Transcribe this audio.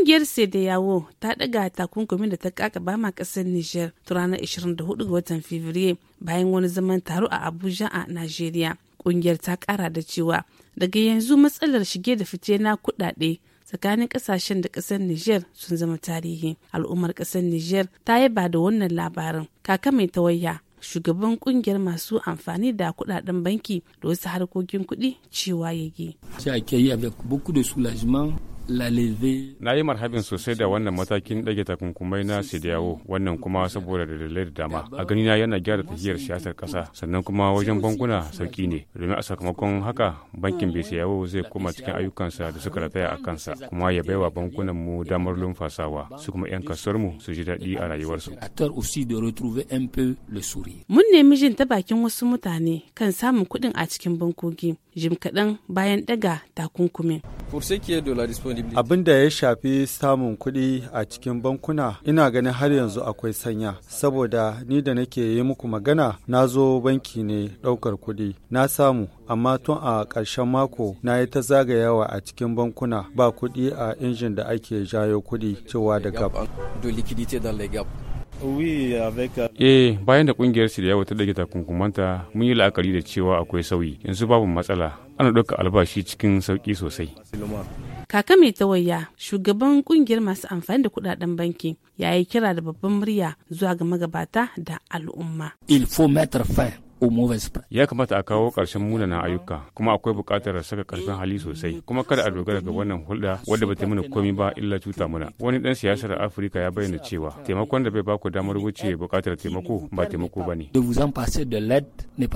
Kungiyar Sedeyawo ta daga takunkumin da ta kaka bama ƙasar Nijar ta ranar 24 ga watan Fabrairu bayan wani zaman taro a Abuja a Najeriya. Kungiyar ta kara da cewa daga yanzu matsalar shige da fice na kudade tsakanin kasashen da kasar nijar sun zama tarihi. Al'ummar kasar nijar ta yaba da wannan labarin. Kaka mai tawayya shugaban kungiyar masu amfani da kudaden banki da wasu harkokin kuɗi cewa yage. Na yi marhabin sosai da wannan matakin ɗage takunkumai na Sidiyawo wannan kuma saboda dalilai da dama. A ganina yana gyara tafiyar siyasar ƙasa sannan kuma wajen bankuna sauki ne. Domin a sakamakon haka bankin Bisiyawo zai koma cikin ayyukansa da suka rataya a kansa kuma ya baiwa bankunan mu damar lumfasawa su kuma 'yan kasuwar mu su ji daɗi a rayuwarsu. Mun nemi jin ta bakin wasu mutane kan samun kuɗin a cikin bankoki jim kaɗan bayan ɗaga takunkumin. Abin da ya shafi samun kuɗi a cikin bankuna ina ganin har yanzu akwai sanya saboda ni da nake yi muku magana na zo banki ne ɗaukar kuɗi na samu amma tun a ƙarshen mako na yi ta zagayawa a cikin bankuna ba kuɗi a injin da ake jayo kuɗi cewa da gab. Euh, eh bayan da kungiyar da ta dage takunkumanta mun yi la'akari da cewa akwai sauyi yanzu babu matsala ana ɗauka albashi cikin sauƙi sosai. Kaka mai tawayya shugaban kungiyar masu amfani da kudaden banki ya yi kira da babban murya zuwa ga magabata da al'umma. Il faut mettre fin Ya kamata a kawo ƙarshen munanan ayyuka kuma akwai buƙatar saka ƙarfin hali sosai kuma kada a dogara ga wannan hulɗa wadda ba ta mana komai ba illa cuta mana. Wani ɗan siyasar Afirka ya bayyana cewa taimakon da bai baku damar wuce buƙatar taimako ba taimako ba ne. de